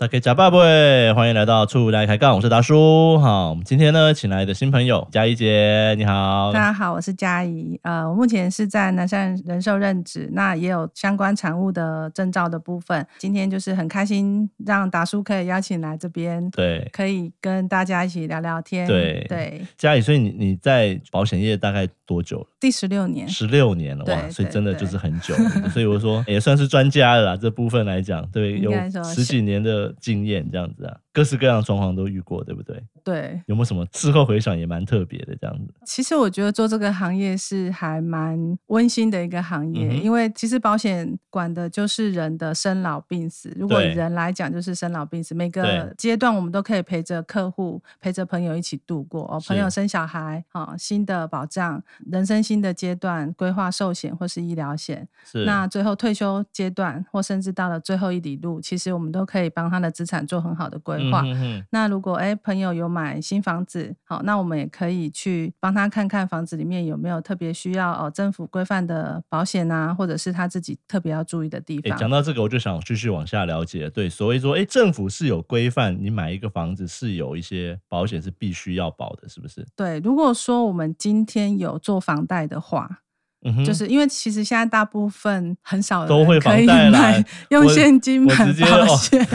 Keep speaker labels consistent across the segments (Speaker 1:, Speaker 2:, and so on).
Speaker 1: 大家好，各位，歡迎來到《厝內開槓》，我是達叔。好，我們今天呢，請來的新朋友嘉怡姐，你好。大家
Speaker 2: 好，我是嘉怡。呃，我目前是在南山人壽任職，那也有相關產物的證照的部分。今天就是很開心，讓達叔可以邀請來這邊，對，可以跟大家一起聊聊天。對
Speaker 1: 對，嘉怡對，所以你你在保險業大概多久了？
Speaker 2: 第十六年，十
Speaker 1: 六年了哇！所以真的就是很久，所以我說也算是專家了啦。 這部分來講，對，有十幾年的。經驗這樣子啊，各式各樣的狀況都遇過，對不對？對，有沒有什麼事後回想也蠻特別的這樣子？
Speaker 2: 其實我覺得做這個行業是還蠻溫馨的一個行業，嗯、哼因為其實保險管的就是人的生老病死。如果人來講就是生老病死，對每個階段我們都可以陪着客戶、陪着朋友一起度過。對哦。朋友生小孩，哈是、哦，新的保障，人生新的階段，規劃壽險或是醫療險。是。那最後退休階段，或甚至到了最後一里路，其實我們都可以幫他。的資產做很好的規劃。嗯、哼哼。那如果誒、欸，朋友有買新房子，好，那我們也可以去幫他看看房子裡面有沒有特別需要哦、呃、政府規範的保險啊，或者是他自己特別要注意的地方。欸、講
Speaker 1: 到這個，我就想繼續往下了解。對，所以說誒、欸，政府是有規範，你買一個房子是有一些保險是必須要保的，是
Speaker 2: 不是？對，如果說我們今天有做房貸的話。就是因為其實現在大部分很少都會房貸買用現金買保險，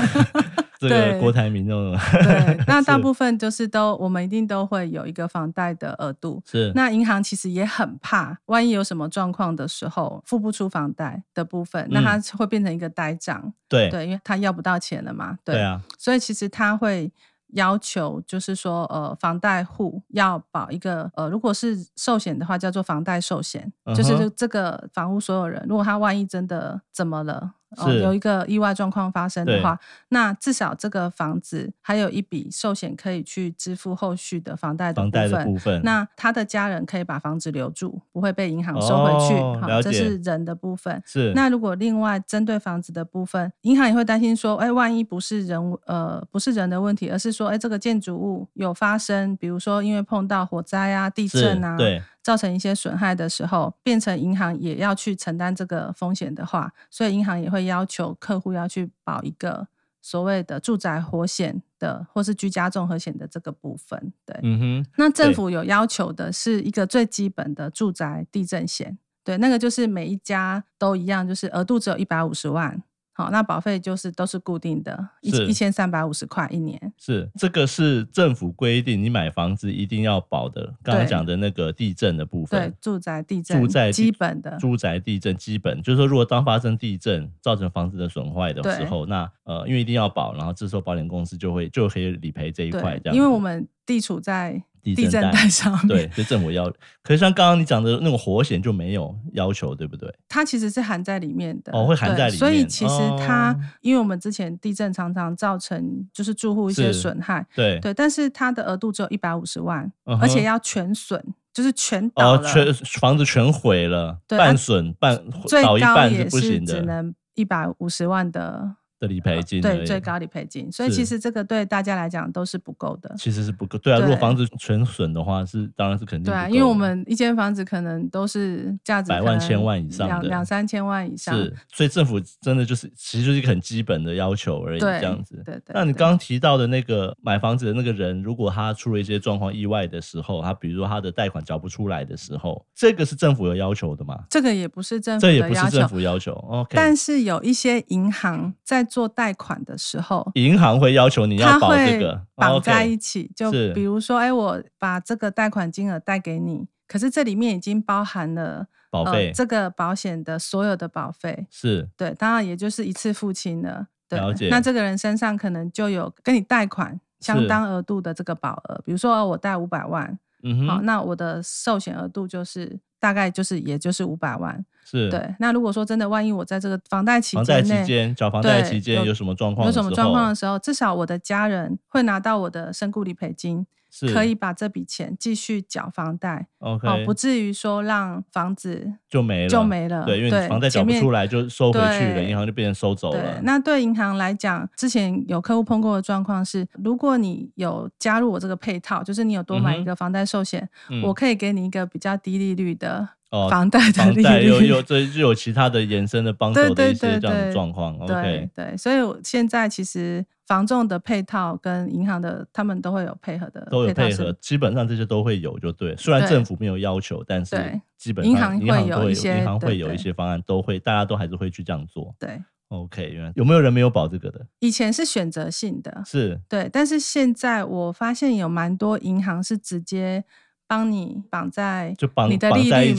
Speaker 2: 這個郭台銘，對。那大部分就是都我們一定都會有一個房貸的額度。是，那銀行其實也很怕，萬一有什麼狀況的時候付不出房貸的部分，那它會變成一個呆賬。對，因為它要不到錢了嘛。對啊，所以其實它會。要求就是說，呃，房貸戶要保一個，呃，如果是壽險的話，叫做房貸壽險，Uh-huh. 就是這個房屋所有人，如果他萬一真的怎麼了？Oh, 是有一個意外狀況發生的話，對那至少這個房子還有一筆壽險可以去支付後續的房貸的部分。房貸的部分。那他的家人可以把房子留住，不會被銀行收回去。了解，這是人的部分。是。那如果另外針對房子的部分，銀行也會擔心說，哎、欸，萬一不是人，呃，不是人的問題，而是說，哎、欸，這個建築物有發生，比如說因為碰到火災啊、地震啊，造成一些損害的時候，變成銀行也要去承擔這個風險的話，所以銀行也會要求客戶要去保一個所謂的住宅火險的，或是居家綜合險的這個部分。對，嗯哼，那政府有要求的是一個最基本的住宅地震險，對，對，那個就是每一家都一樣，就是額度只有一百五十萬。好，那保費就是都是固定的，是一一千三百五十塊一年。
Speaker 1: 是這個是政府規定，你買房子一定要保的。剛剛講的那個地震的部分，對，
Speaker 2: 住宅地震，住宅基本的住
Speaker 1: 宅地震基本，就是說，如果當發生地震造成房子的損壞的時候，對那呃，因為一定要保，然後這時候保險公司就會就可以理賠這一塊。這樣，因為我
Speaker 2: 們地處在。地震帶
Speaker 1: 上，對，就政府要， 可是像剛剛你講的那種火險就沒有要求，對不對？
Speaker 2: 它其實是含在裡面的，哦，會含在裡面。所以其實它，因為我們之前地震常常造成就是住戶一些損害，是對對。但是它的額度只有一百五十萬，而且要全損，就是全倒了，哦、全
Speaker 1: 房子全毀了，半損半倒一半是不行的，最高也是只
Speaker 2: 能一百五十萬的。
Speaker 1: 的理賠金、啊、對，最高
Speaker 2: 理賠金。所以其實這個對大家來講都是不夠的。是其
Speaker 1: 實是不夠，對啊。對，如果房子全損的話，是當然是肯定的對，啊，
Speaker 2: 因為我們一間房子可能都是價值百萬千萬
Speaker 1: 以上，兩兩
Speaker 2: 三千萬以上。是，
Speaker 1: 所以政府真的就是，其實就是一個很基本的要求而已，對這樣子。對對，對對。那你剛，剛提到的那個買房子的那個人，如果他出了一些狀況、意外的時候，他比如說他的貸款繳不出來的時候，這個是政府有要求的嗎？
Speaker 2: 這個也不是政府要求，這個也不是政府
Speaker 1: 要求。OK，但
Speaker 2: 是有一些銀行在。做貸款的時候，
Speaker 1: 銀行會要求你要保這個綁在一
Speaker 2: 起，哦 okay、就比如說，哎是、欸，我把這個貸款金額貸給你，可是這裡面已經包含了保費費、呃，這個保險的所有的保費是，對，當然也就是一次付清了。對，解那這個人身上可能就有跟你貸款相當額度的這個保額，是比如說，呃、我貸五百萬，嗯哼，好、哦，那我的壽險額度就是。大概就是，也就是五百萬，是對。那如果說真的，萬一我在這個房貸期、房貸期間、找房貸期間有,有
Speaker 1: 什麼狀況，有什麼狀況的時候，
Speaker 2: 時候至少我的家人會拿到我的身故理賠金。是可以把這筆錢繼續繳房貸
Speaker 1: ，OK，哦，不至
Speaker 2: 於說讓房子
Speaker 1: 就沒了，就沒了。對，對，因為房貸繳不出來就收回去了，銀行就變成收走了。對，那
Speaker 2: 對銀行來講，之前有客戶碰過的狀況是，如果你有加入我這個配套，就是你有多買一個房貸壽險，嗯、哼我可以給你一個比較低利率的。房貸的利率有有這
Speaker 1: 就，就有其他的延伸的幫助的一些這樣的狀況。對
Speaker 2: 對，對，Okay 所以現在其實房仲的配套跟銀行的，他們都會有配合的，都有配合，
Speaker 1: 基本上這些都會有就對。雖然政府沒有要求，但是基本上銀行會有一些銀對行會有一些方案，都會大家都還是會去這樣做。對，對，對，OK，有有沒有人沒有保這個的？
Speaker 2: 以前是選擇性的，是對，但是現在我發現有蠻多銀行是直接。幫你綁在你的利率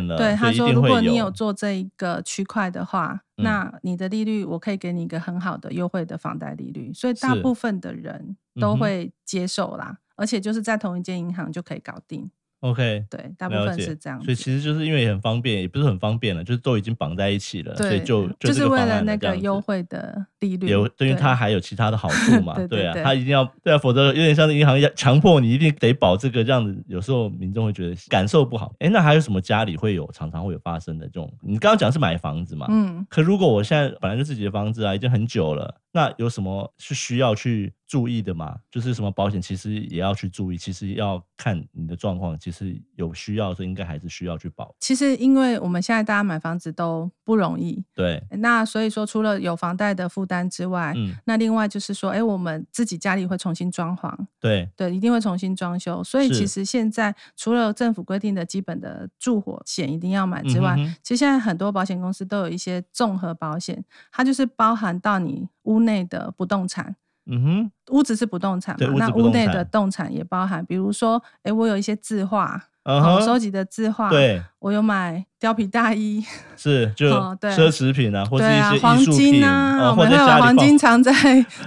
Speaker 2: 嘛？對，他說，如果你有做這一個區塊的話，嗯、那你的利率我可以給你一個很好的優惠的房貸利率，所以大部分的人都會接受啦，嗯、而且就是在同一間銀行就可以搞定。
Speaker 1: OK，對，大部分解是這樣，所以其實就是因為也很方便，也不是很方便了，就是都已經綁在一起了，對所以就就，就是為了那
Speaker 2: 個優惠的利率，有因對，對於他還
Speaker 1: 有其他的好處嘛？對，對，對，對，對啊，他一定要對啊，否則有點像銀行一樣，強迫你一定得保這個，這樣子有時候民眾會覺得感受不好。哎、欸，那還有什麼家裡會有常常會有發生的這種？你剛剛講的是買房子嘛？嗯，可如果我現在本來就自己的房子啊，已經很久了。那有什麼是需要去注意的嗎？就是什麼保險，其實也要去注意。其實要看你的狀況，其實有需要是應該還是需要去保。
Speaker 2: 其實，因為我們現在大家買房子都不容易，對。那所以說，除了有房貸的負擔之外，嗯，那另外就是說，哎、欸，我們自己家裡會重新裝潢，對，對，一定會重新裝修。所以，其實現在除了政府規定的基本的住火險一定要買之外，嗯、哼哼，其實現在很多保險公司都有一些綜合保險，它就是包含到你。屋內的不動產，嗯哼，屋子，是不動產嘛。那屋內的動產也包含，比如說，哎，我有一些字畫，
Speaker 1: 我收集
Speaker 2: 的字畫，對，我有買貂皮大衣，
Speaker 1: 是就奢侈品啊，或是一些黃金啊，我們會把黃金
Speaker 2: 藏在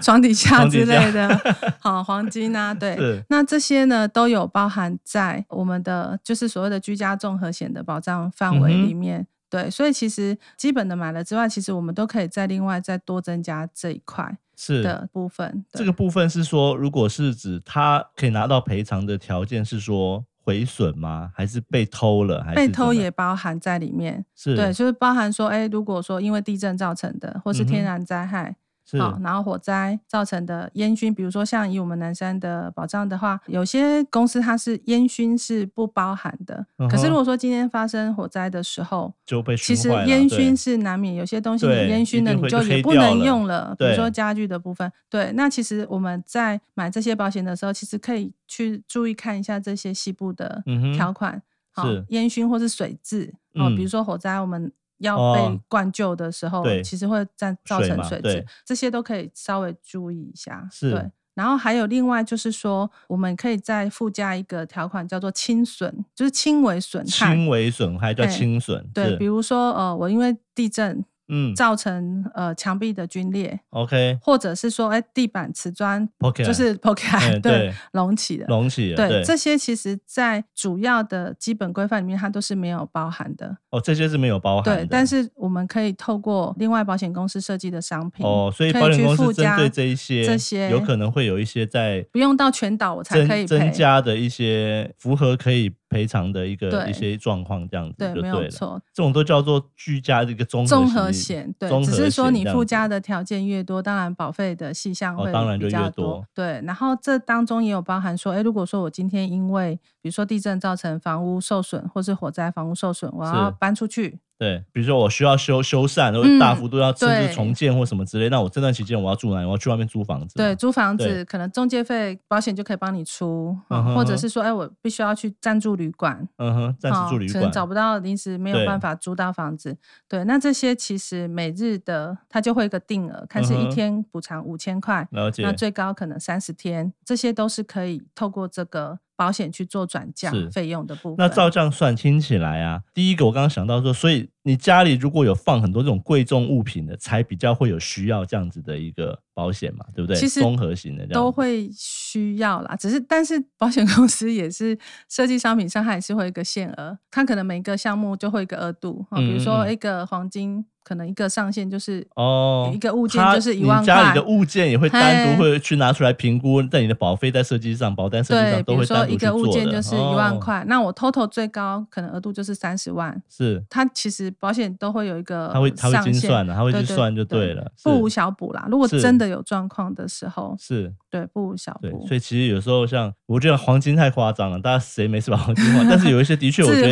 Speaker 2: 床底下之類的，好，黃金啊，對，那這些呢都有包含在我們的就是所謂的居家綜合險的保障範圍裡面。對，所以其實基本的買了之外，其實我們都可以再另外再多增加這一塊的部分。是
Speaker 1: 對這個部分是說，如果是指他可以拿到賠償的條件是說毀損嗎？還是被偷了？還是被偷
Speaker 2: 也包含在裡面。是，對，就是包含說，哎，如果說因為地震造成的，或是天然災害。嗯是好，然後火災造成的煙燻，比如說像以我們南山的保障的話，有些公司它是煙燻是不包含的。嗯、哼可是如果說今天發生火災的時候，
Speaker 1: 就被其實煙燻是
Speaker 2: 難免，對有些東西你煙燻的你就也不能用了，了比如說家具的部分。對，對，那其實我們在買這些保險的時候，其實可以去注意看一下這些細部的條款，嗯、哼好，煙燻是或是水漬哦，嗯、比如說火災我們。要被灌救的時候，哦、對，其實會再造成水質，水這些都可以稍微注意一下。是，對，然後還有另外就是說，我們可以再附加一個條款，叫做輕損，就是輕微損害。輕
Speaker 1: 微損害叫輕損，對，是對，比
Speaker 2: 如說呃，我因為地震。嗯，造成呃牆壁的龜裂，OK，或者是說哎、欸、地板瓷磚，OK，就是 OK、嗯、對，對，隆起的，隆
Speaker 1: 起的，對，對，這些
Speaker 2: 其實在主要的基本規範裡面它都是沒有包含的。
Speaker 1: 哦，這些是沒有包含的。對，但是
Speaker 2: 我們可以透過另外保險公司設計的商品。哦，所以保險公司針對這
Speaker 1: 一些，這些有可能會有一些在
Speaker 2: 不用到全倒我才可以增加
Speaker 1: 的一些符合可以。賠償的一個一些狀況這樣子，對，就對了。對，沒有錯。這種都叫做居家的一個綜綜合險，對，只是說你附加
Speaker 2: 的條件越多，當然保費的細項會比較多，哦，當然就越多，對。然後這當中也有包含說，誒、欸，如果說我今天因為比如說地震造成房屋受損，或是火災房屋受損，我要搬出去。
Speaker 1: 對，比如說我需要修修繕，或者大幅度要甚至重建或什麼之類，嗯、那我這段期間我要住哪？我要去外面租房子。對，租房子對
Speaker 2: 可能中介費、保險就可以幫你出，uh huh. 或者是說，哎、欸，我必須要去暫住旅館。嗯哼、
Speaker 1: uh，huh, 暫時住旅館，哦、可能找不
Speaker 2: 到，臨時沒有辦法租到房子。對，對，那這些其實每日的它就會一個定額，看是一天補償五千塊，uh huh. 那最高可能三十天，這些都是可以透過這個。保險去做轉嫁費用的部分，那
Speaker 1: 照這樣算聽起來啊，第一個我剛剛想到說，所以。你家裡如果有放很多這種貴重物品的，才比較會有需要這樣子的一個保險嘛，對不對？其實綜合型的都會
Speaker 2: 需要啦，只是但是保險公司也是設計商品上，它也是會有一個限額，它可能每一個項目就會一個額度啊。比如說一個黃金，可能一個上限就是嗯嗯
Speaker 1: 哦一個物件就是一萬。你家裡的物件也會單獨會去拿出來評估，在嘿你的保費在設計上，保單設計上都會單獨去做。比如說一個物件就是一萬塊，
Speaker 2: 哦、那我 total 最高可能額度就是三十萬。是它其實。保險都會有一個，他會他會精算的，啊，他會去算就對了，對對對，不無小補啦。是如果真的有狀況的時候，是，對，不無小補。所
Speaker 1: 以其實有時候像我覺得黃金太誇張了，大家誰沒事把黃金換？但是有一些的確我覺得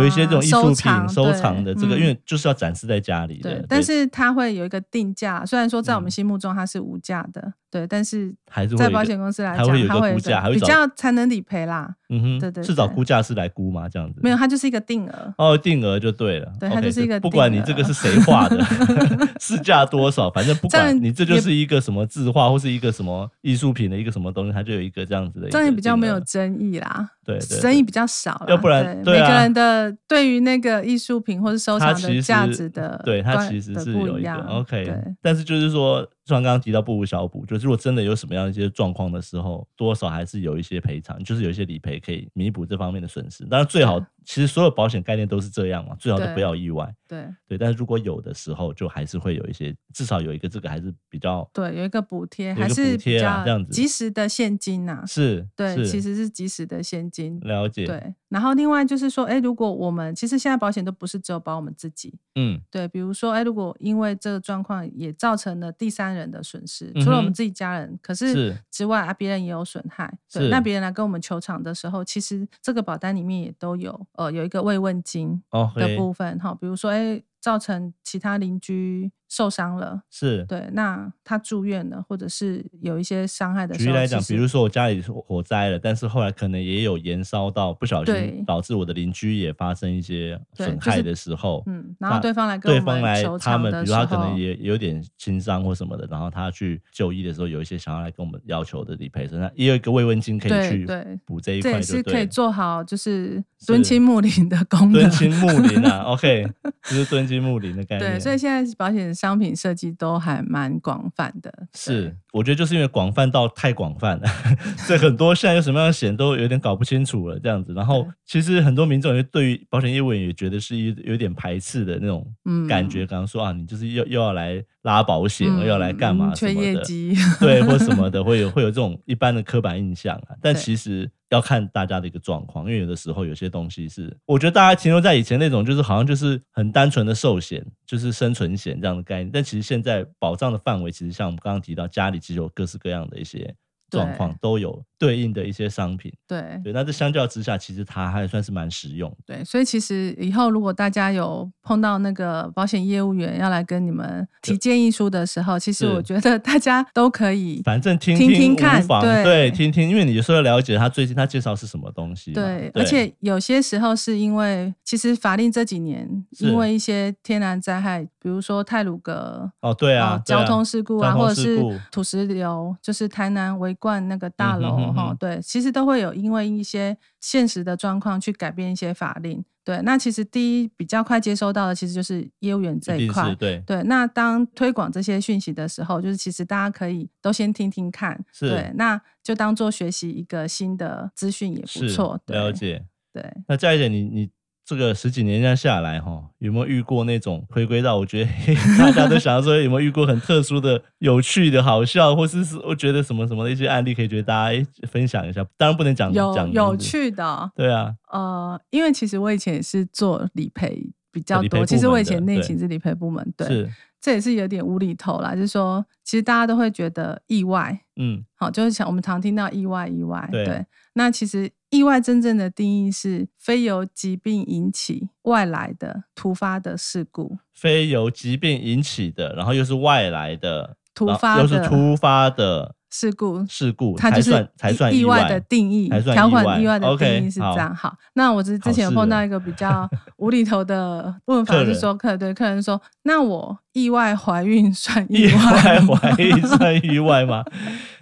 Speaker 1: 有一些這種藝術品收藏，收藏的這個，因為就是要展示在家裡的。對，對但
Speaker 2: 是它會有一個定價，雖然說在我們心目中它是無價的。對，但是
Speaker 1: 在保險公司來講，它會有一，個會有一個估價，比較
Speaker 2: 才能理賠啦。嗯
Speaker 1: 哼，對，對對，是找估價是來估嘛，這樣子
Speaker 2: 沒有，它就是一個定額哦，定
Speaker 1: 額就對了。對，它就是一個定額 Okay，不管你這個是誰畫的， 市價多少，反正不管你這就是一個什麼字畫或是一個什麼藝術品的一個什麼東西，它就有一個這樣子的，這樣也比較沒有
Speaker 2: 爭議啦。
Speaker 1: 對對對，生意比較少，要不然對、啊、
Speaker 2: 每個人的對於那個藝術品或者收藏的價值的，對它其實是有一個的不一樣。OK，
Speaker 1: 對但是就是說，像剛剛提到不無小補，就是如果真的有什麼樣一些狀況的時候，多少還是有一些賠償，就是有一些理賠可以彌補這方面的損失。當然最好，其實所有保險概念都是這樣嘛，最好都不要意外。對對，對，但是如果有的時候，就還是會有一些，至少有一個這個還是比較，
Speaker 2: 對，有一個補貼，還是補貼啊，這樣子及時的現金吶、啊，是，對，是，其實是及時的現金，了解，對。然後另外就是說，哎，如果我們其實現在保險都不是只有保我們自己，嗯，對，比如說，哎，如果因為這個狀況也造成了第三人的損失，嗯、哼除了我們自己家人，可是之外是啊，別人也有損害，對，是那別人來跟我們求償的時候，其實這個保單裡面也都有，呃，有一個慰問金的部分哈 Okay.，比如說，哎。造成其他鄰居受傷了，是對。那他住院了，或者是有一些傷害的。舉例來講，實比如說
Speaker 1: 我家裡火災了，但是後來可能也有延燒到不小心導致我的鄰居也發生一些損害的時候，就
Speaker 2: 是、他嗯，然後對方來跟對方來求他們，比如他可能也
Speaker 1: 有點輕傷或什麼的，然後他去就醫的時候有一些想要來跟我們要求的理賠，那也有一個慰問金可以去補這一塊，對，是可以做
Speaker 2: 好就是敦親睦鄰的功能。敦親睦鄰啊
Speaker 1: ，OK，就是敦。積木林的概念，對，所以
Speaker 2: 現在保險商品設計都還蠻廣泛的。是，
Speaker 1: 我覺得就是因為廣泛到太廣泛了， 所以很多現在有什麼樣的險都有點搞不清楚了這樣子。然後，其實很多民眾也對於保險業務員也覺得是有點排斥的那種感覺。剛剛、嗯、說啊，你就是又又要來拉保險、嗯、又要來幹嘛的？
Speaker 2: 全業績 對，或什
Speaker 1: 麼的會有會有這種一般的刻板印象啊。對但其實。要看大家的一個狀況，因為有的時候有些東西是，我覺得大家停留在以前那種，就是好像就是很單純的壽險，就是生存險這樣的概念。但其實現在保障的範圍，其實像我們剛剛提到，家裡其實有各式各樣的一些狀況，對都有對應的一些商品。對。對，那這相較之下，其實它還算是蠻實用。
Speaker 2: 對，所以其實以後如果大家有。碰到那個保險業務員要來跟你們提建議書的時候，對其實我覺得大家都可以，
Speaker 1: 反正聽聽看，對，對，對聽聽，因為你有要了解他最近他介紹是什麼東西。對，對而且
Speaker 2: 有些時候是因為，其實法令這幾年是因為一些天然災害，比如說太魯閣，哦
Speaker 1: 對啊、呃、對啊，交通事故啊，或者是
Speaker 2: 土石流，就是台南維冠那個大樓哈、嗯哦，對，其實都會有因為一些現實的狀況去改變一些法令。對，那其實第一比較快接收到的，其實就是業務員這一塊。一對對，那當推廣這些訊息的時候，就是其實大家可以都先聽聽看，是對，那就當做學習一個新的資訊也不錯。是對了解。對，
Speaker 1: 那佳怡姐，你你。這個十幾年這樣下來，哈，有沒有遇過那種回歸到？我覺得大家都想要說，有沒有遇過很特殊的、有趣的、好笑， 或者是我覺得什麼什麼的一些案例，可以覺得大家分享一下？當然不能講講有，講有
Speaker 2: 趣的哦，對啊，呃，因為其實我以前也是做理賠比較多，其實我以前內勤是理賠部門，對。對這也是有點無厘頭啦，就是說，其實大家都會覺得意外，嗯，好，就是像我們常聽到意外、意外，對。那其實意外真正的定義是非由疾病引起、外來的突發的事故。
Speaker 1: 非由疾病引起的，然後又是外來的突發，又是突發的事故，事故它就是才算意外的
Speaker 2: 定義，條款意外的定義是這樣。好，那我之之前碰到一個比較無厘頭的問法是說，客對客人說，那我。意外懷孕算意外，懷
Speaker 1: 孕算意外嗎？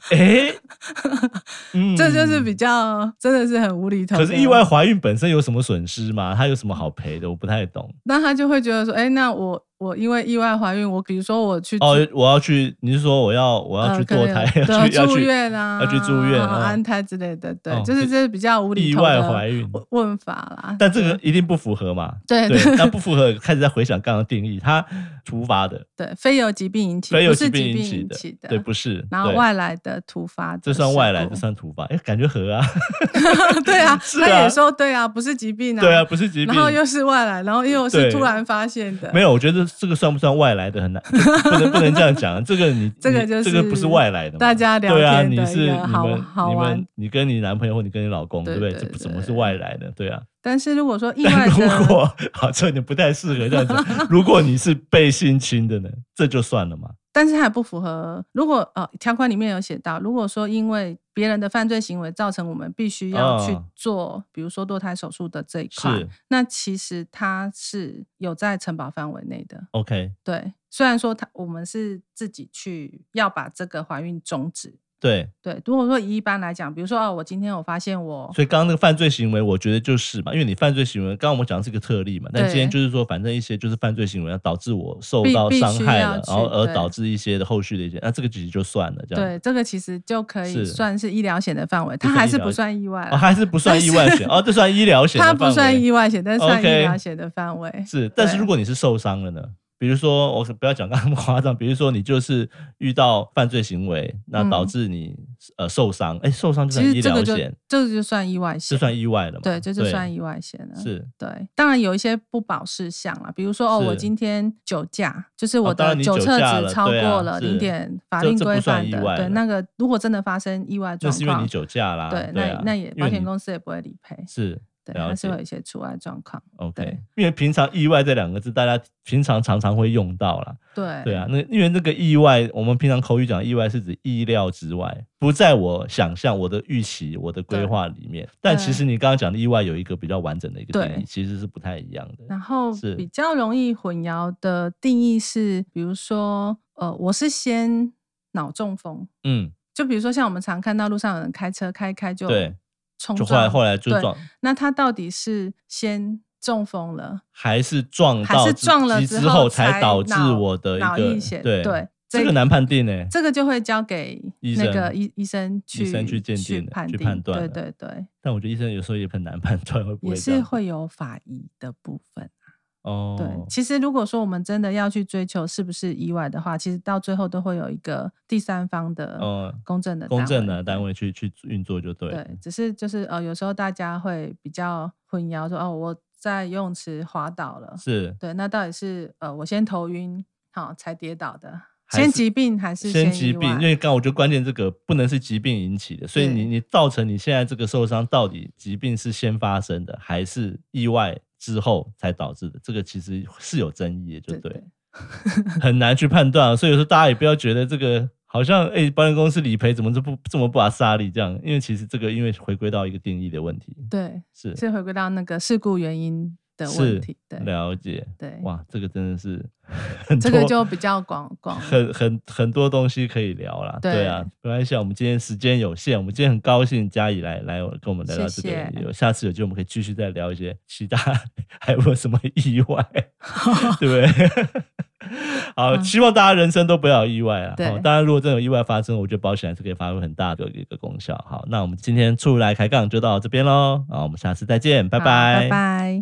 Speaker 1: 誒，
Speaker 2: 這就是比較真的是很無厘頭。可是意外
Speaker 1: 懷孕本身有什麼損失嗎？他有什麼好賠的？我不太懂。
Speaker 2: 那他就會覺得說，誒那我我因為意外懷孕，我比如說我去哦，
Speaker 1: 我要去，你是說我要我要去墮胎，要去住院啊？要去住院啊，安
Speaker 2: 胎之類的，對，就是這是比較無厘頭，意外懷孕問法啦。但這
Speaker 1: 個一定不符合嘛？對，那不符合，開始在回想剛剛的定義他，突發的，
Speaker 2: 對，非由疾病引起的。非由疾病引起的，
Speaker 1: 對，不是。然後外
Speaker 2: 來的突發的，這算外來，不算
Speaker 1: 突發，誒，感覺合啊。
Speaker 2: 對啊，他也說對啊，不是疾病啊，對啊，不是疾病。然後又是外來，然後又是突然發現的。沒有，我
Speaker 1: 覺得這個算不算外來的很難，不能不能這樣講。這個你，這個就是這個不是外來的。大家聊天的，對啊，你是你們你們，你跟你男朋友或你跟你老公，對不對？這怎麼是外來的？對啊。
Speaker 2: 但是如果說意外的
Speaker 1: 如果，好，這有點不太適合這樣子。 如果你是被性侵的呢，這就算了嘛。
Speaker 2: 但是它不符合，如果呃、哦、條款裡面有寫到，如果說因為別人的犯罪行為造成我們必須要去做，哦、比如說墮胎手術的這一塊，是那其實它是有在承保範圍內的。OK，對，雖然說他我們是自己去要把這個懷孕終止。對對，如果說一般來講，比如說哦，我今天有發現我，所
Speaker 1: 以剛剛那個犯罪行為，我覺得就是嘛，因為你犯罪行為，剛剛我們講的是一個特例嘛，那對今天就是說，反正一些就是犯罪行為要導致我受到傷害了，然後而導致一些的後續的一些，對那這個其實就算了，這樣對，
Speaker 2: 這個其實就可以算是醫療險的範圍，是它還是不算意外，是哦，還是不算意
Speaker 1: 外險，哦，這算醫療險，它不算意
Speaker 2: 外險，但是算醫療險的範圍，okay, 對是，但是
Speaker 1: 如果你是受傷了呢？比如說，我不要講那麼誇張。比如說，你就是遇到犯罪行為，那導致你、嗯、呃受傷，哎，受傷、欸、就是醫療險，
Speaker 2: 這個就算意外險，是
Speaker 1: 算意外的嘛？對，這就算意外險了，了。是
Speaker 2: 對，當然有一些不保事項啦。比如說是哦，我今天酒駕，就是我的酒測值超過了零點，法定規範的。對，啊、對，那個如果真的發生意外，就是因為你
Speaker 1: 酒駕啦，對，那那也保險公
Speaker 2: 司也不會理賠。是。還對解是
Speaker 1: 有一些除外狀況。OK，對因為平常“意外”這兩個字，大家平常常常會用到啦。對，對啊，那因為那個“意外”，我們平常口語講“意外”是指意料之外，不在我想象、我的預期、我的規劃裡面。對但其實你剛剛講的“意外”，有一個比較完整的一個定義，對其實是不太一樣的。
Speaker 2: 然後是比較容易混淆的定義是，比如說，呃，我是先腦中風。嗯，就比如說像我們常看到路上有人開車開開就對。就後來後來就撞，那他到底是先中風了，
Speaker 1: 還是撞到還是撞了之後才導致我的一個腦溢血？對對，所以這個難判定呢，這
Speaker 2: 個就會交給那個醫生醫生那個醫生去醫生去鑑定判去判斷，判，對對對。對對
Speaker 1: 對但我覺得醫生有時候也很難判斷，會不會也是
Speaker 2: 會有法醫的部分。哦，對，其實如果說我們真的要去追求是不是意外的話，其實到最後都會有一個第三方的、公正的、哦、公正的
Speaker 1: 單位去去運作，就對了。對，
Speaker 2: 只是就是呃，有時候大家會比較混淆說，說哦，我在游泳池滑倒了，是對。那到底是呃，我先頭暈好才跌倒的，先疾病還是先,還是先疾病？因為
Speaker 1: 剛剛我覺得關鍵這個不能是疾病引起的，所以你你造成你現在這個受傷，到底疾病是先發生的還是意外？之後才導致的，這個其實是有爭議的，就對，對對對 很難去判斷。所以有時候大家也不要覺得這個好像，哎、欸，保險公司理賠怎麼就不這麼不阿莎力這樣？因為其實這個，因為回歸到一個定義的問題，
Speaker 2: 對，是，所以回歸到那個事故原因。是，問題，
Speaker 1: 了解。對，哇，這個真的是，這個就比較廣廣，很很很多東西可以聊了。對啊，沒關係啊，我們今天時間有限，我們今天很高興嘉義來來跟我們聊到這邊，有下次有機會我們可以繼續再聊一些其他，還有沒有什麼意外，對不對？好，希望大家人生都不要意外啊。當然如果真的有意外發生，我覺得保險還是可以發揮很大的一個功效。好，那我們今天出來開槓就到這邊嘍。好，我們下次再見，拜拜，拜拜。